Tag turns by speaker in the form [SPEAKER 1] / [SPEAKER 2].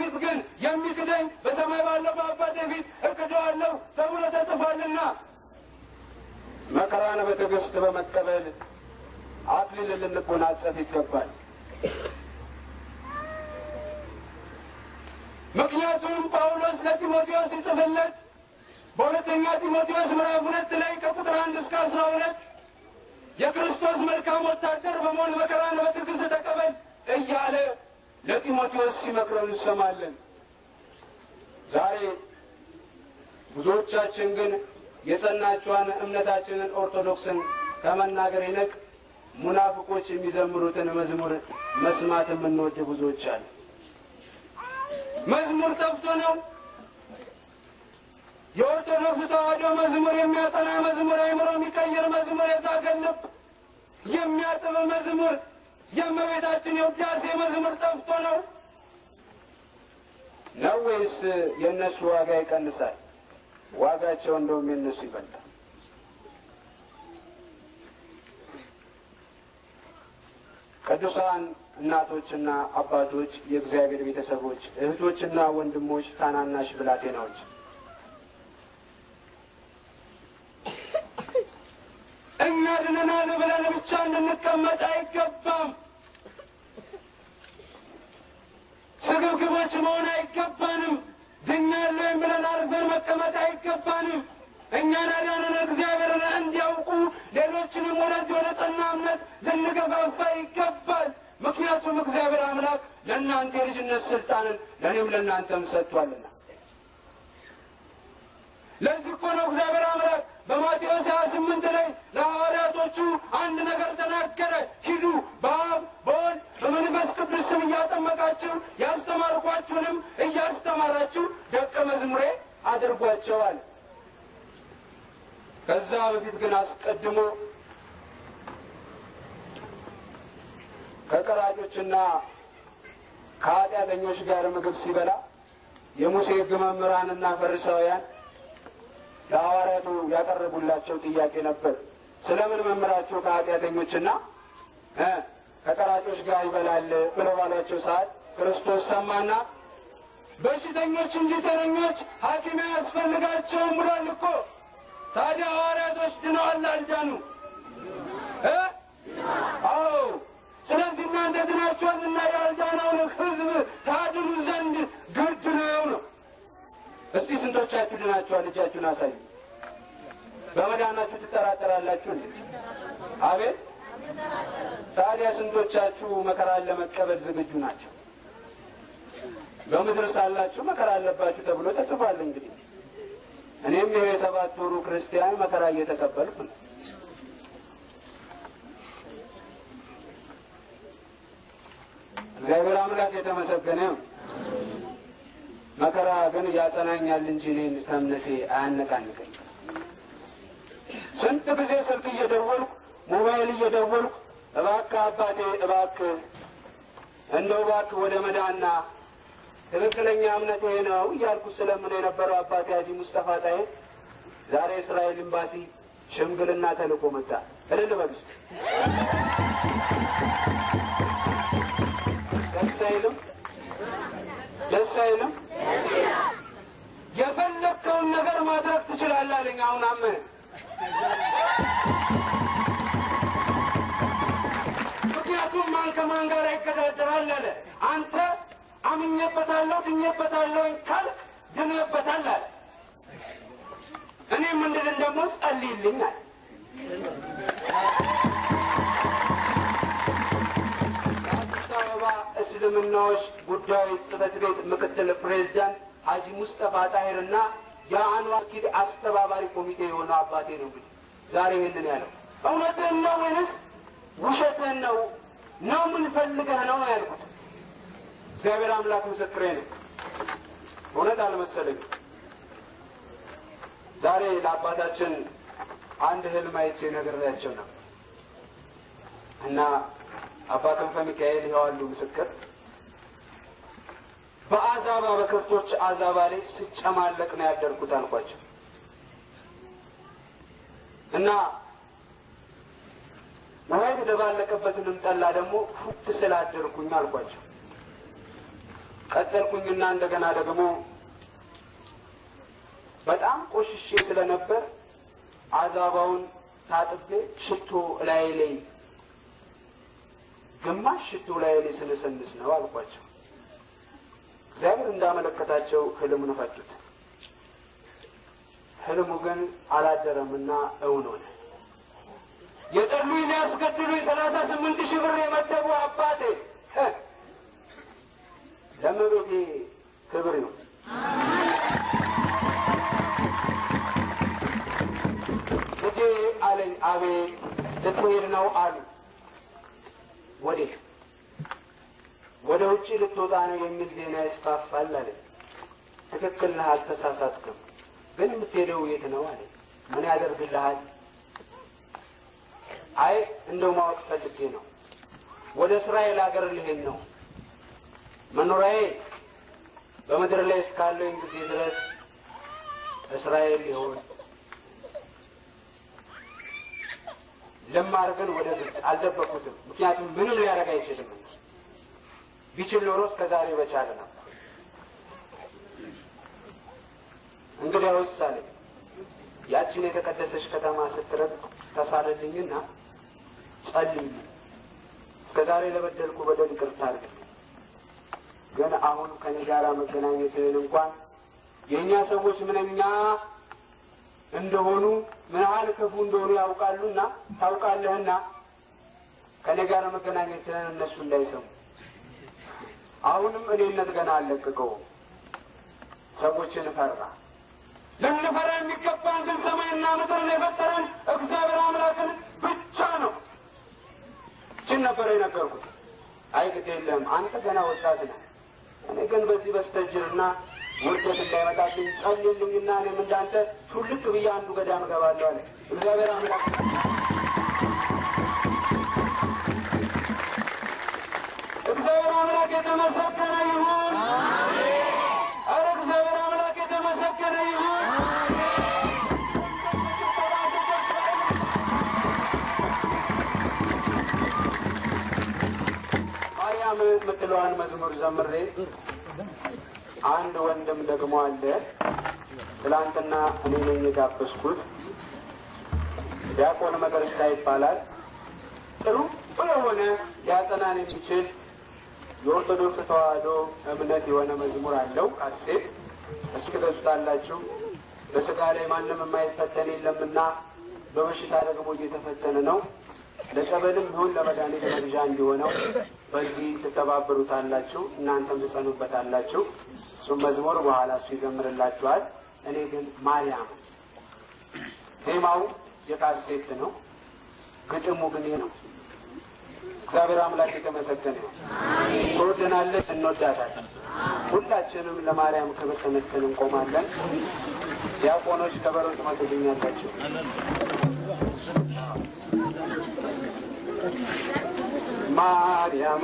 [SPEAKER 1] በፊት ግን የሚክደኝ በሰማይ ባለው በአባቴ ፊት እክደዋለሁ ተብሎ ተጽፏልና
[SPEAKER 2] መከራን በትዕግስት በመቀበል አክሊል ልንጎናጸፍ ይገባል።
[SPEAKER 1] ምክንያቱም ጳውሎስ ለጢሞቴዎስ ይጽፍለት በሁለተኛ ጢሞቴዎስ ምዕራፍ ሁለት ላይ ከቁጥር አንድ እስከ አስራ ሁለት የክርስቶስ መልካም ወታደር በመሆን መከራን በትዕግስት ተቀበል እያለ ለጢሞቴዎስ ሲመክረው እንሰማለን።
[SPEAKER 2] ዛሬ ብዙዎቻችን ግን የጸናቸዋን እምነታችንን ኦርቶዶክስን ከመናገር ይልቅ ሙናፍቆች የሚዘምሩትን መዝሙር መስማት የምንወድ ብዙዎች አለ።
[SPEAKER 1] መዝሙር ጠፍቶ ነው። የኦርቶዶክስ ተዋህዶ መዝሙር የሚያጸና መዝሙር፣ አይምሮ የሚቀይር መዝሙር፣ የዛገን የሚያጥብ መዝሙር የእመቤታችን የውዳሴ መዝሙር ጠፍቶ ነው
[SPEAKER 2] ነው ወይስ የእነሱ ዋጋ ይቀንሳል? ዋጋቸው እንደውም የእነሱ ይበልጣል። ቅዱሳን እናቶችና አባቶች፣ የእግዚአብሔር ቤተሰቦች፣ እህቶችና ወንድሞች፣ ታናናሽ ብላቴናዎች
[SPEAKER 1] እኛ ድነናን ብለን ብቻ እንድንቀመጥ አይገባም። ስግብግቦች መሆን አይገባንም። ድኛለሁ የምለን አርፈን መቀመጥ አይገባንም። እኛን አዳነን እግዚአብሔር እንዲያውቁ ሌሎችንም ወደዚህ ወደ ጸና እምነት ልንገፋፋ ይገባል። ምክንያቱም እግዚአብሔር አምላክ ለእናንተ የልጅነት ስልጣንን ለእኔም ለእናንተም ሰጥቷልና። ለዚህ እኮ ነው እግዚአብሔር አምላክ በማቴዎስ ስምንት ላይ ለሐዋርያቶቹ አንድ ነገር ተናገረ። ሂዱ በአብ በመንፈስ ቅዱስ ስም እያጠመቃችሁ ያስተማርኳችሁንም እያስተማራችሁ ደቀ መዝሙሬ አድርጓቸዋል።
[SPEAKER 2] ከዛ በፊት ግን አስቀድሞ ከቀራጮችና ከኃጢአተኞች ጋር ምግብ ሲበላ የሙሴ ሕግ መምህራንና ፈሪሳውያን ለሐዋርያቱ ያቀረቡላቸው ጥያቄ ነበር። ስለምን መምህራቸው ከኃጢአተኞችና ከጠራጮች ጋር ይበላል ብለው ባላቸው ሰዓት ክርስቶስ ሰማና በሽተኞች እንጂ ጤነኞች ሐኪም አያስፈልጋቸውም ብሏል እኮ። ታዲያ ሐዋርያቶች ድነዋል አልዳኑ? አዎ። ስለዚህ እናንተ ድናችኋል እና ያልዳናውን ህዝብ ታድኑ ዘንድ ግድ ነው ነው። እስቲ ስንቶቻችሁ ድናችኋል? እጃችሁን አሳዩ። በመዳናችሁ ትጠራጠራላችሁ? አቤት ታዲያ ስንቶቻችሁ መከራን ለመቀበል ዝግጁ ናቸው? በምድር ሳላችሁ መከራ አለባችሁ ተብሎ ተጽፏል። እንግዲህ እኔም ይኸው የሰባት ወሩ ክርስቲያን መከራ እየተቀበልኩ ነው። እግዚአብሔር አምላክ የተመሰገነ መከራ ግን ያጸናኛል እንጂ እኔን ከእምነቴ አያነቃንቀኝ። ስንት ጊዜ ስልክ እየደወልኩ ሞባይል እየደወልኩ እባክ አባቴ እባክ እንደው እባክህ ወደ መዳና ትክክለኛ እምነት ይሄ ነው እያልኩ ስለምን የነበረው አባቴ ሀጂ ሙስጠፋ ጣዬ ዛሬ እስራኤል ኤምባሲ ሽምግልና ተልኮ መጣ። እልል በሉ። ደስ አይልም? ደስ አይልም? የፈለግከውን ነገር ማድረግ ትችላለህ አለኝ። አሁን አመ ሁሉም ማን ከማን ጋር ይከዳደራል አለ። አንተ አምኜበታለሁ ድኜበታለሁ ካልክ ድነህበታል አለ። እኔም እንድድን ደግሞ ጸልይልኝ አለ። እስልምናዎች ጉዳይ ጽሕፈት ቤት ምክትል ፕሬዚዳንት ሀጂ ሙስጠፋ ጣሄር እና የአንዋር መስጊድ አስተባባሪ ኮሚቴ የሆነው አባቴ ነው እንግዲህ ዛሬ ይህንን ያለው እውነትህን ነው ወይንስ ውሸትህን ነው? ነው ምን ፈልገህ ነው ያልኩት። እግዚአብሔር አምላክ ምስክሬ ነው። እውነት አልመሰለኝ። ዛሬ ለአባታችን አንድ ህልም አይቼ ነግሬያቸው ነው እና አባትን ፈሚካኤል ይኸዋሉ ምስክር በአዛባ በከብቶች አዛባ ላይ ስጨማለቅ ነው ያደርጉት አልኳቸው እና የተደባለቀበትንም ጠላ ደግሞ ፉት ስላደርኩኝ አልኳቸው። ቀጠልኩኝና እንደገና ደግሞ በጣም ቆሽሼ ስለነበር አዛባውን ታጥቤ ሽቶ ላይ ላይ ግማሽ ሽቶ ላይ ላይ ስንሰንስ ነው አልኳቸው። እግዚአብሔር እንዳመለከታቸው ህልሙን ፈቱት። ህልሙ ግን አላደረምና እውን ሆነ። የጠሉኝ ሊያስገድሉኝ ሰላሳ ስምንት ሺህ ብር የመደቡ አባቴ ለመቤቴ ክብር ነው። ልጄ አለኝ። አቤ ልትሄድ ነው አሉ። ወዴት? ወደ ውጭ ልትወጣ ነው የሚል ዜና ይስፋፋል አለ። ትክክል ነህ፣ አልተሳሳትክም። ግን የምትሄደው የት ነው አለ። ምን ያደርግልሃል? አይ እንደው ማወቅ ፈልጌ ነው ወደ እስራኤል አገር ልሄድ ነው መኖሪያዬ በምድር ላይ እስካለኝ ጊዜ ድረስ እስራኤል ይሆን ለማር ግን ወደ ግብፅ አልደበኩትም። ምክንያቱም ምንም ሊያደርግ አይችልም። ቢችል ኖሮ እስከ ዛሬ በቻለ ነው። እንግዲያውስ አለ ያችን የተቀደሰች ከተማ ስትረግጥ ተሳለልኝና ጸልይ፣ እስከ ዛሬ ለበደልኩ በደል ይቅርታ አርግ። ግን አሁን ከኔ ጋር መገናኘትህን እንኳን የእኛ ሰዎች ምንኛ እንደሆኑ ምን ያህል ክፉ እንደሆኑ ያውቃሉና ታውቃለህና ከኔ ጋር መገናኘትህን እነሱ እንዳይሰሙ አሁንም እኔነት ገና አለቅቀው ሰዎችን ፈራ። ልንፈራ የሚገባን ግን ሰማይና ምድርን የፈጠረን እግዚአብሔር አምላክን ብቻ ነው። ችን ነበረ የነገርኩት። አይ ግድ የለም አንተ ገና ወጣት ነህ። እኔ ግን በዚህ በስተጅርና ውርደት እንዳይመጣብኝ ጸልይልኝና እኔም እንዳንተ ሹልክ ብዬ አንዱ ገዳም እገባለሁ አለ። እግዚአብሔር አምላክ እግዚአብሔር አምላክ የተመሰገነ ይሁን። የሚቀጥለዋን መዝሙር ዘምሬ አንድ ወንድም ደግሞ አለ። ትላንትና እኔ ነኝ የጋበዝኩት። ዲያቆን መገርሳ ይባላል። ጥሩ የሆነ ሊያጸናን የሚችል የኦርቶዶክስ ተዋህዶ እምነት የሆነ መዝሙር አለው። ካሴት እስኪ ገጹታላችሁ። በስጋ ላይ ማንም የማይፈተን የለምና በበሽታ ደግሞ እየተፈተነ ነው። ለጸበልም ይሁን ለመድኃኒት መግዣ እንዲሆነው በዚህ ትተባበሩታላችሁ፣ እናንተም ትጸኑበታላችሁ። እሱም መዝሙር በኋላ እሱ ይዘምርላችኋል። እኔ ግን ማርያም ዜማው የካሴት ነው፣ ግጥሙ ግን ነው። እግዚአብሔር አምላክ የተመሰገነ ነው። ትወደናለች፣ እንወዳታለን። ሁላችንም ለማርያም ክብር ተመስገን እንቆማለን። ዲያቆኖች ከበሮ ጥመት ትገኛላችሁ። Mariam.